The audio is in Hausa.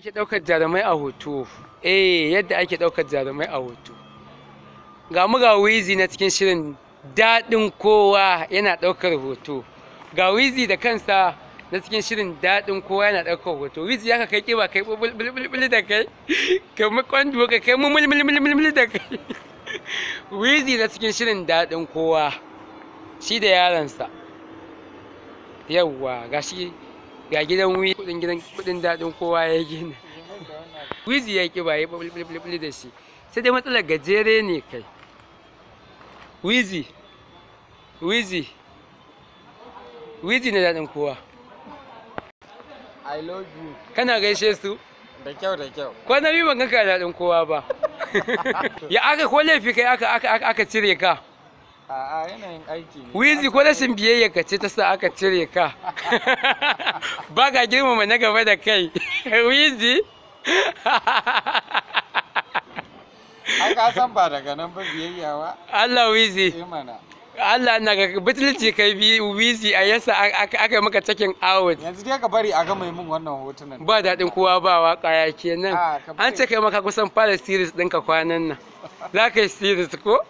ake ɗaukar jarumai a hoto eh yadda ake ɗaukar jarumai a hoto ga mu ga wizi na cikin shirin daɗin kowa yana ɗaukar hoto ga wizi da kansa na cikin shirin daɗin kowa yana ɗaukar hoto wizi ya ka kai ƙiba kai bulbulbul da kai mu kwando ka kai mulmulmulmul da kai wizi na cikin shirin daɗin kowa shi da yaransa yawwa gashi ga gidan wi kudin gidan kudin dadin kowa ya gina wizi ya ki baye bulbulbul da shi sai dai matsalar gajere ne kai wizi wizi wizi ne dadin kowa i love you kana gaishe su da kyau da kyau ko na bi ban ganka dadin kowa ba ya aka ko laifi kai aka aka aka cire ka A'a yanayin aiki ne. Wizi ko rashin biyayya ka ce ta sa aka cire ka. Ba ka girmama na gaba da kai. Wizi? Ai ka san ba daga nan ba biyayya ba. Allah wizi. Eh, Allah na ga butulci kai bi wizi a yasa aka yi maka cikin out. Yanzu dai ka bari a ga mai mun wannan hotunan. Ba daɗin kowa ba waka ya kenan. An ce kai maka kusan fara series ɗinka kwanan nan. Za ka yi series ko?